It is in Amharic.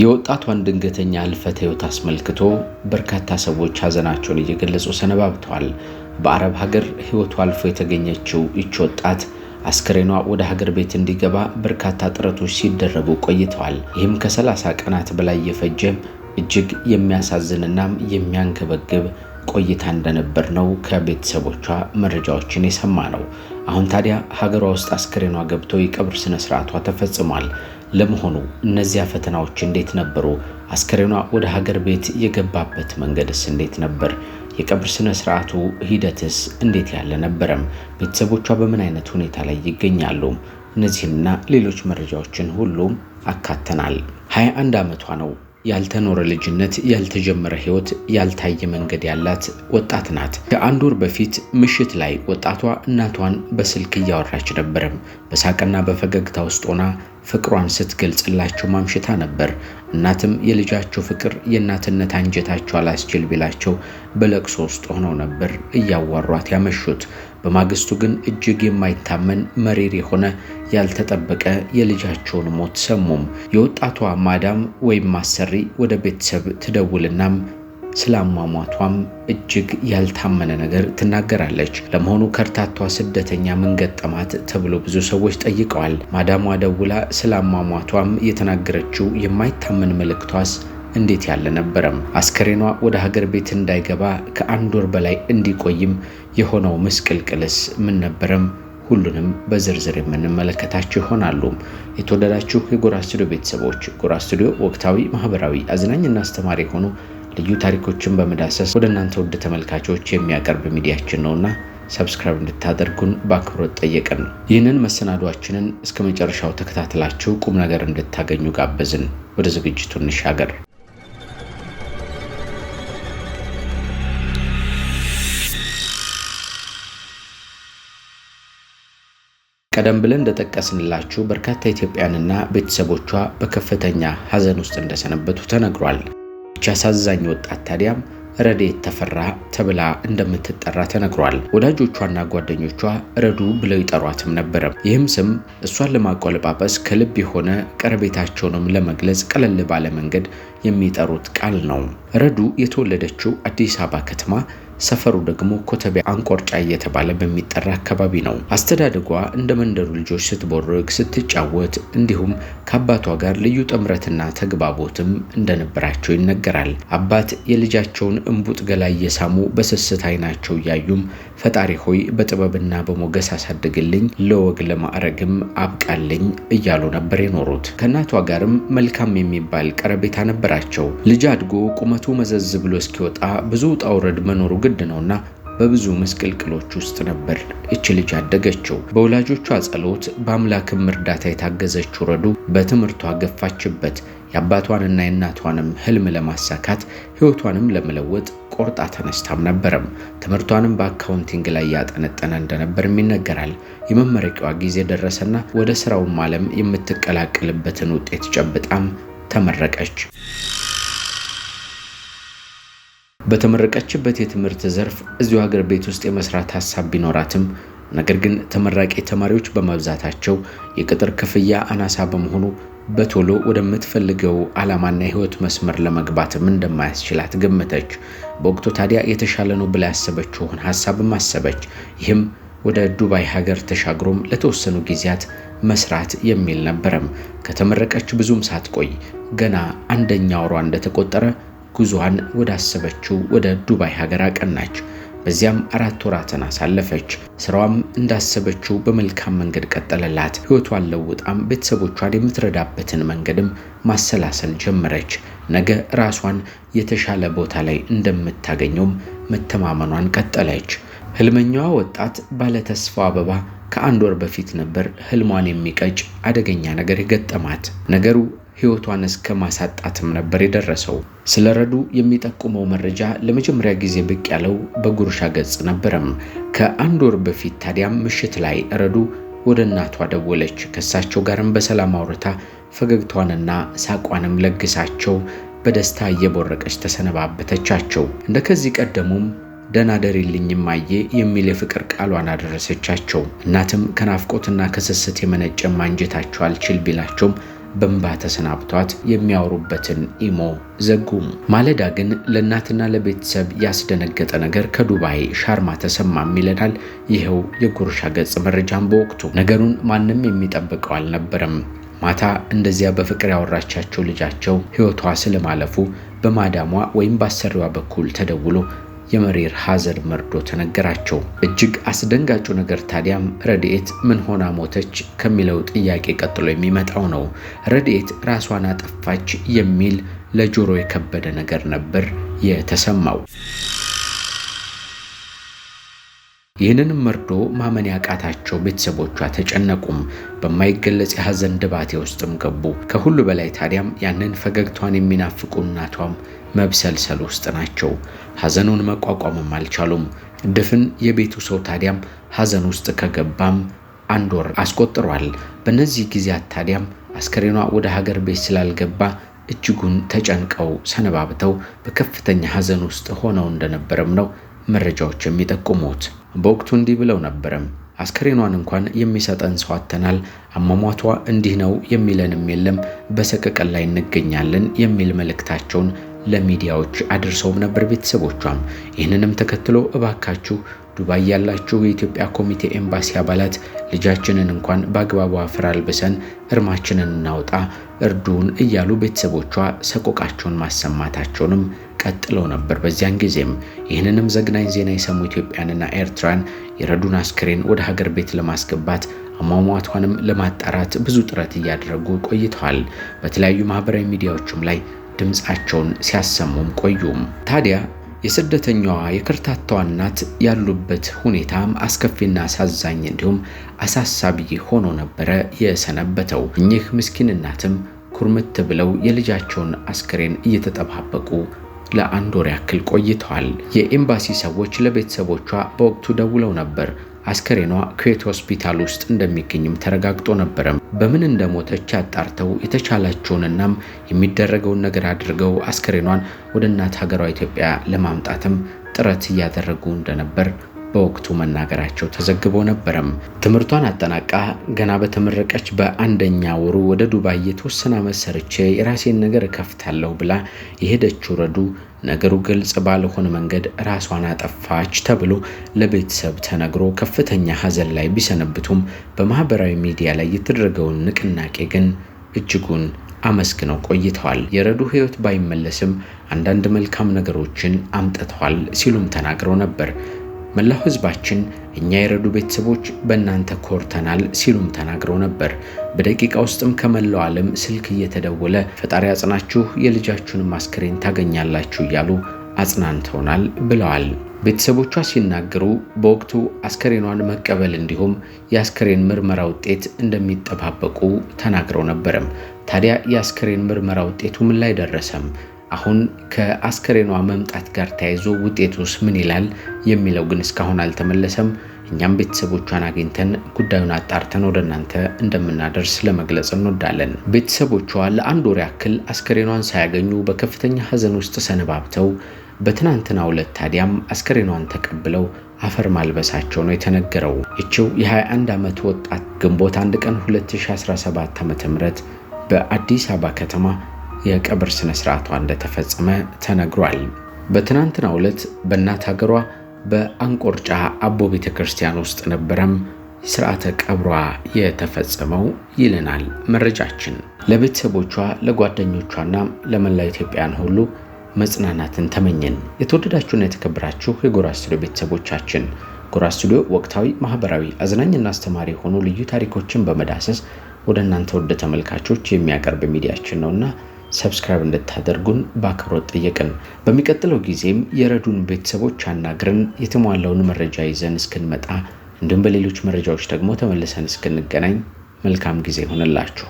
የወጣቷን ድንገተኛ ህልፈተ ህይወት አስመልክቶ በርካታ ሰዎች ሀዘናቸውን እየገለጹ ሰነባብተዋል። በአረብ ሀገር ህይወቱ አልፎ የተገኘችው ይች ወጣት አስክሬኗ ወደ ሀገር ቤት እንዲገባ በርካታ ጥረቶች ሲደረጉ ቆይተዋል። ይህም ከ30 ቀናት በላይ የፈጀ እጅግ የሚያሳዝንናም የሚያንገበግብ ቆይታ እንደነበር ነው ከቤተሰቦቿ መረጃዎችን የሰማ ነው። አሁን ታዲያ ሀገሯ ውስጥ አስክሬኗ ገብቶ የቀብር ስነ ስርዓቷ ተፈጽሟል። ለመሆኑ እነዚያ ፈተናዎች እንዴት ነበሩ? አስከሬኗ ወደ ሀገር ቤት የገባበት መንገድስ እንዴት ነበር? የቀብር ስነ ስርዓቱ ሂደትስ እንዴት ያለ ነበረም? ቤተሰቦቿ በምን አይነት ሁኔታ ላይ ይገኛሉ? እነዚህና ሌሎች መረጃዎችን ሁሉም አካተናል። 21 ዓመቷ ነው። ያልተኖረ ልጅነት፣ ያልተጀመረ ህይወት፣ ያልታየ መንገድ ያላት ወጣት ናት። ከአንድ ወር በፊት ምሽት ላይ ወጣቷ እናቷን በስልክ እያወራች ነበርም። በሳቅና በፈገግታ ውስጥ ሆና ፍቅሯን ስትገልጽላቸው ማምሽታ ነበር። እናትም የልጃቸው ፍቅር የእናትነት አንጀታቸው አላስችል ቢላቸው በለቅሶ ውስጥ ሆነው ነበር እያዋሯት ያመሹት። በማግስቱ ግን እጅግ የማይታመን መሪር የሆነ ያልተጠበቀ የልጃቸውን ሞት ሰሙም። የወጣቷ ማዳም ወይም ማሰሪ ወደ ቤተሰብ ትደውልናም ስላሟሟቷም እጅግ ያልታመነ ነገር ትናገራለች። ለመሆኑ ከርታቷ ስደተኛ ምን ገጠማት ተብሎ ብዙ ሰዎች ጠይቀዋል። ማዳሟ ደውላ ስላሟሟቷም የተናገረችው የማይታመን መልእክቷስ እንዴት ያለ ነበረም! አስከሬኗ ወደ ሀገር ቤት እንዳይገባ ከአንድ ወር በላይ እንዲቆይም የሆነው ምስቅልቅልስ ምን ነበረም? ሁሉንም በዝርዝር የምንመለከታችሁ ይሆናሉ። የተወደዳችሁ የጎራ ስቱዲዮ ቤተሰቦች፣ ጎራ ስቱዲዮ ወቅታዊ፣ ማህበራዊ፣ አዝናኝና አስተማሪ የሆኑ ልዩ ታሪኮችን በመዳሰስ ወደ እናንተ ውድ ተመልካቾች የሚያቀርብ ሚዲያችን ነውና ሰብስክራይብ እንድታደርጉን በአክብሮት ጠየቅን። ይህንን መሰናዷችንን እስከ መጨረሻው ተከታትላችሁ ቁም ነገር እንድታገኙ ጋበዝን። ወደ ዝግጅቱ እንሻገር። ቀደም ብለን እንደጠቀስንላችሁ በርካታ ኢትዮጵያንና ቤተሰቦቿ በከፍተኛ ሐዘን ውስጥ እንደሰነበቱ ተነግሯል። ይቺ አሳዛኝ ወጣት ታዲያም ረዴት ተፈራ ተብላ እንደምትጠራ ተነግሯል። ወዳጆቿና ጓደኞቿ ረዱ ብለው ይጠሯትም ነበረ። ይህም ስም እሷን ለማቆለጳጰስ ከልብ የሆነ ቀረቤታቸውንም ለመግለጽ ቀለል ባለ መንገድ የሚጠሩት ቃል ነው። ረዱ የተወለደችው አዲስ አበባ ከተማ ሰፈሩ ደግሞ ኮተቤ አንቆርጫ እየተባለ በሚጠራ አካባቢ ነው። አስተዳደጓ እንደ መንደሩ ልጆች ስትቦርቅ፣ ስትጫወት እንዲሁም ከአባቷ ጋር ልዩ ጥምረትና ተግባቦትም እንደነበራቸው ይነገራል። አባት የልጃቸውን እምቡጥ ገላ እየሳሙ በስስት አይናቸው እያዩም ፈጣሪ ሆይ በጥበብና በሞገስ አሳድግልኝ፣ ለወግ ለማዕረግም አብቃልኝ እያሉ ነበር የኖሩት። ከእናቷ ጋርም መልካም የሚባል ቀረቤታ ነበራቸው። ልጅ አድጎ ቁመቱ መዘዝ ብሎ እስኪወጣ ብዙ ውጣ ውረድ መኖሩ ግን ግድ ነውና በብዙ ምስቅልቅሎች ውስጥ ነበር እች ልጅ ያደገችው። በወላጆቿ ጸሎት፣ በአምላክም እርዳታ የታገዘችው ረዱ በትምህርቷ ገፋችበት። የአባቷንና የእናቷንም ህልም ለማሳካት ህይወቷንም ለመለወጥ ቆርጣ ተነስታም ነበረም። ትምህርቷንም በአካውንቲንግ ላይ ያጠነጠነ እንደነበርም ይነገራል። የመመረቂዋ ጊዜ ደረሰና ወደ ስራውም ዓለም የምትቀላቀልበትን ውጤት ጨብጣም ተመረቀች። በተመረቀችበት የትምህርት ዘርፍ እዚሁ ሀገር ቤት ውስጥ የመስራት ሀሳብ ቢኖራትም ነገር ግን ተመራቂ ተማሪዎች በመብዛታቸው የቅጥር ክፍያ አናሳ በመሆኑ በቶሎ ወደምትፈልገው ዓላማና የህይወት መስመር ለመግባትም እንደማያስችላት ገመተች። በወቅቱ ታዲያ የተሻለ ነው ብላ ያሰበችውን ሀሳብም አሰበች። ይህም ወደ ዱባይ ሀገር ተሻግሮም ለተወሰኑ ጊዜያት መስራት የሚል ነበረም። ከተመረቀች ብዙም ሳትቆይ ገና አንደኛ ወሯ እንደተቆጠረ ጉዟን ወዳሰበችው ወደ ዱባይ ሀገር አቀናች። በዚያም አራት ወራትን አሳለፈች። ስራዋም እንዳሰበችው በመልካም መንገድ ቀጠለላት። ህይወቷን ለውጣም ቤተሰቦቿን የምትረዳበትን መንገድም ማሰላሰል ጀመረች። ነገ ራሷን የተሻለ ቦታ ላይ እንደምታገኘውም መተማመኗን ቀጠለች። ህልመኛዋ ወጣት ባለተስፋ አበባ ከአንድ ወር በፊት ነበር ህልሟን የሚቀጭ አደገኛ ነገር የገጠማት። ነገሩ ህይወቷን እስከ ማሳጣትም ነበር የደረሰው። ስለ ረዱ የሚጠቁመው መረጃ ለመጀመሪያ ጊዜ ብቅ ያለው በጉርሻ ገጽ ነበረም። ከአንድ ወር በፊት ታዲያም ምሽት ላይ ረዱ ወደ እናቷ ደወለች። ከእሳቸው ጋርም በሰላም አውርታ ፈገግቷንና ሳቋንም ለግሳቸው በደስታ እየቦረቀች ተሰነባበተቻቸው። እንደ ከዚህ ቀደሙም ደህና ደሪልኝ ማዬ የሚል የፍቅር ቃሏን አደረሰቻቸው። እናትም ከናፍቆትና ከስስት የመነጨ ማንጀታቸው አልችል ቢላቸውም በእንባ ተሰናብቷት የሚያወሩበትን ኢሞ ዘጉም። ማለዳ ግን ለእናትና ለቤተሰብ ያስደነገጠ ነገር ከዱባይ ሻርማ ተሰማም ይለናል ይኸው የጉርሻ ገጽ መረጃም በወቅቱ ነገሩን ማንም የሚጠብቀው አልነበረም። ማታ እንደዚያ በፍቅር ያወራቻቸው ልጃቸው ሕይወቷ ስለማለፉ በማዳሟ ወይም ባሰሪዋ በኩል ተደውሎ የመሪር ሐዘን መርዶ ተነገራቸው። እጅግ አስደንጋጩ ነገር ታዲያም ረድኤት ምን ሆና ሞተች ከሚለው ጥያቄ ቀጥሎ የሚመጣው ነው። ረድኤት ራሷን አጠፋች የሚል ለጆሮ የከበደ ነገር ነበር የተሰማው። ይህንንም መርዶ ማመን ያቃታቸው ቤተሰቦቿ ተጨነቁም፣ በማይገለጽ የሐዘን ድባቴ ውስጥም ገቡ። ከሁሉ በላይ ታዲያም ያንን ፈገግቷን የሚናፍቁ እናቷም መብሰልሰል ውስጥ ናቸው። ሐዘኑን መቋቋምም አልቻሉም። ድፍን የቤቱ ሰው ታዲያም ሐዘን ውስጥ ከገባም አንድ ወር አስቆጥሯል። በእነዚህ ጊዜያት ታዲያም አስከሬኗ ወደ ሀገር ቤት ስላልገባ እጅጉን ተጨንቀው ሰነባብተው በከፍተኛ ሐዘን ውስጥ ሆነው እንደነበረም ነው መረጃዎች የሚጠቁሙት። በወቅቱ እንዲህ ብለው ነበረም አስከሬኗን እንኳን የሚሰጠን ሰው አጥተናል። አሟሟቷ እንዲህ ነው የሚለንም የለም። በሰቀቀን ላይ እንገኛለን የሚል መልእክታቸውን ለሚዲያዎች አድርሰውም ነበር ቤተሰቦቿም። ይህንንም ተከትሎ እባካችሁ ዱባይ ያላችሁ የኢትዮጵያ ኮሚቴ ኤምባሲ አባላት ልጃችንን እንኳን በአግባቡ አፈር አልብሰን እርማችንን እናውጣ እርዱን እያሉ ቤተሰቦቿ ሰቆቃቸውን ማሰማታቸውንም ቀጥለው ነበር። በዚያን ጊዜም ይህንንም ዘግናኝ ዜና የሰሙ ኢትዮጵያንና ኤርትራን የረዱን አስክሬን ወደ ሀገር ቤት ለማስገባት አሟሟቷንም ለማጣራት ብዙ ጥረት እያደረጉ ቆይተዋል። በተለያዩ ማህበራዊ ሚዲያዎችም ላይ ድምፃቸውን ሲያሰሙም ቆዩም ታዲያ የስደተኛዋ የከርታታዋ እናት ያሉበት ሁኔታም አስከፊና አሳዛኝ እንዲሁም አሳሳቢ ሆኖ ነበረ የሰነበተው። እኚህ ምስኪን እናትም ኩርምት ብለው የልጃቸውን አስክሬን እየተጠባበቁ ለአንድ ወር ያክል ቆይተዋል። የኤምባሲ ሰዎች ለቤተሰቦቿ በወቅቱ ደውለው ነበር። አስከሬኗ ኩዌት ሆስፒታል ውስጥ እንደሚገኝም ተረጋግጦ ነበረም። በምን እንደሞተች አጣርተው የተቻላቸውንናም የሚደረገውን ነገር አድርገው አስከሬኗን ወደ እናት ሀገሯ ኢትዮጵያ ለማምጣትም ጥረት እያደረጉ እንደነበር በወቅቱ መናገራቸው ተዘግቦ ነበረም። ትምህርቷን አጠናቃ ገና በተመረቀች በአንደኛ ወሩ ወደ ዱባይ የተወሰነ ዓመት ሰርቼ የራሴን ነገር እከፍታለሁ ብላ የሄደችው ረዱ ነገሩ ግልጽ ባልሆነ መንገድ ራሷን አጠፋች ተብሎ ለቤተሰብ ተነግሮ ከፍተኛ ሐዘን ላይ ቢሰነብቱም በማህበራዊ ሚዲያ ላይ የተደረገውን ንቅናቄ ግን እጅጉን አመስግነው ቆይተዋል። የረዱ ሕይወት ባይመለስም አንዳንድ መልካም ነገሮችን አምጥተዋል ሲሉም ተናግረው ነበር። መላው ህዝባችን እኛ የረዱ ቤተሰቦች በእናንተ ኮርተናል ሲሉም ተናግረው ነበር። በደቂቃ ውስጥም ከመላው ዓለም ስልክ እየተደወለ ፈጣሪ አጽናችሁ፣ የልጃችሁንም አስክሬን ታገኛላችሁ እያሉ አጽናንተውናል ብለዋል። ቤተሰቦቿ ሲናገሩ በወቅቱ አስከሬኗን መቀበል እንዲሁም የአስከሬን ምርመራ ውጤት እንደሚጠባበቁ ተናግረው ነበረም። ታዲያ የአስከሬን ምርመራ ውጤቱ ምን ላይ ደረሰም? አሁን ከአስከሬኗ መምጣት ጋር ተያይዞ ውጤቱስ ምን ይላል የሚለው ግን እስካሁን አልተመለሰም። እኛም ቤተሰቦቿን አግኝተን ጉዳዩን አጣርተን ወደ እናንተ እንደምናደርስ ለመግለጽ እንወዳለን። ቤተሰቦቿ ለአንድ ወር ያክል አስከሬኗን ሳያገኙ በከፍተኛ ሐዘን ውስጥ ሰነባብተው በትናንትና ዕለት ታዲያም አስከሬኗን ተቀብለው አፈር ማልበሳቸው ነው የተነገረው። ይቺው የ21 ዓመት ወጣት ግንቦት አንድ ቀን 2017 ዓ.ም በአዲስ አበባ ከተማ የቀብር ስነ ስርዓቷ እንደተፈጸመ ተነግሯል። በትናንትናው ዕለት በእናት ሀገሯ በአንቆርጫ አቦ ቤተ ክርስቲያን ውስጥ ነበረም ስርዓተ ቀብሯ የተፈጸመው ይለናል መረጃችን። ለቤተሰቦቿ ለጓደኞቿና ለመላ ኢትዮጵያን ሁሉ መጽናናትን ተመኘን። የተወደዳችሁና የተከበራችሁ የጎራ ስቱዲዮ ቤተሰቦቻችን ጎራ ስቱዲዮ ወቅታዊ፣ ማህበራዊ፣ አዝናኝና አስተማሪ የሆኑ ልዩ ታሪኮችን በመዳሰስ ወደ እናንተ ወደ ተመልካቾች የሚያቀርብ ሚዲያችን ነውና ሰብስክራይብ እንድታደርጉን በአክብሮት ጠየቅን። በሚቀጥለው ጊዜም የረዱን ቤተሰቦች አናግረን የተሟላውን መረጃ ይዘን እስክንመጣ እንዲሁም በሌሎች መረጃዎች ደግሞ ተመልሰን እስክንገናኝ መልካም ጊዜ ይሆንላችሁ።